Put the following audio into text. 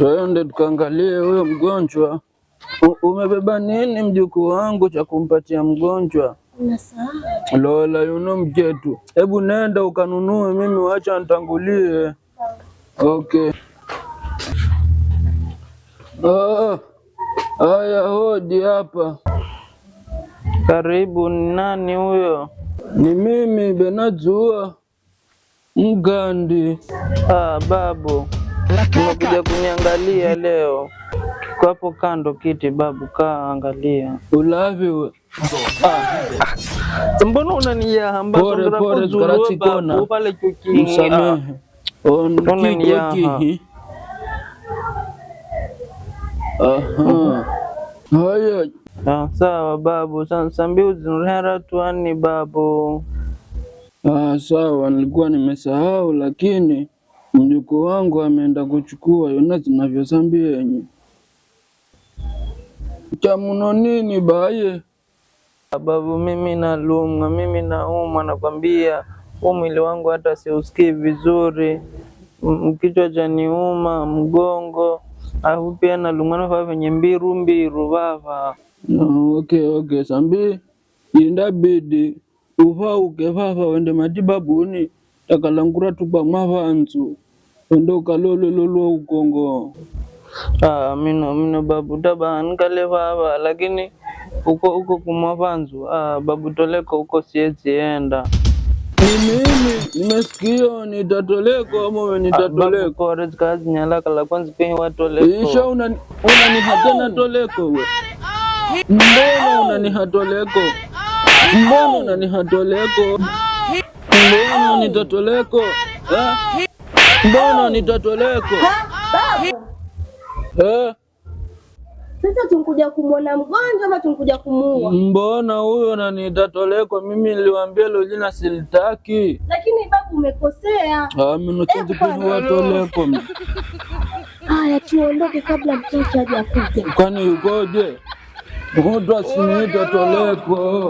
Twende tukaangalie huyo mgonjwa. Umebeba nini mjukuu wangu cha kumpatia mgonjwa? Lola yuno mjetu, hebu nenda ukanunue, mimi wacha ntangulie Okay. Oh, haya hodi hapa. Karibu. Nani huyo? Ni mimi Benazua Mgandi. Ah, babu Umekuja kuniangalia leo, kiko hapo kando kiti babu, kaa angalia. Ulavyo ah, mbona unaniahambaaatikona msamehe ah, oh, onkikihi haya ah, sawa babu, sambiu zinrera tuani babu. Ah, sawa, nilikuwa nimesahau lakini Mjukuu wangu ameenda kuchukua Yohana navyosambia yenye chamuno nini baye sababu mimi nalumwa, mimi naumwa, nakwambia huu mwili wangu hata siusikii vizuri, kichwa cha niuma, mgongo au pia nalumwa navaa venye mbiru mbiru vava. No, okay, okay, sambi indabidi uvauke vava wende matibabuni takalangura tukwa mwavanzu ondoka lolololwa Ukongo. Ah, mino mino babu nkale baba, lakini uko uko kumavanzu ah, babu toleko uko siezi enda ni mimi nimesikio nitatoleko ama ah, nitatoleko kazi nyalaka la kwanza kwenye watoleko isha unani hatena oh! toleko we mbona unani hatoleko mbona unani hatoleko oh! mbona nitatoleko eh? Oh! Ah! Mbona nitatoleko? Eh? Sasa tunkuja kumwona mgonjwa ama tunkuja kumuua? Mbona huyo na nitatoleko? Mimi niliwaambia leo jina silitaki. Lakini babu, umekosea. Ah, mimi nachozi eh, kuwatoleko. Haya, tuondoke kabla mtoto haja kuja. Kwani yukoje? Mgonjwa asinitatoleko.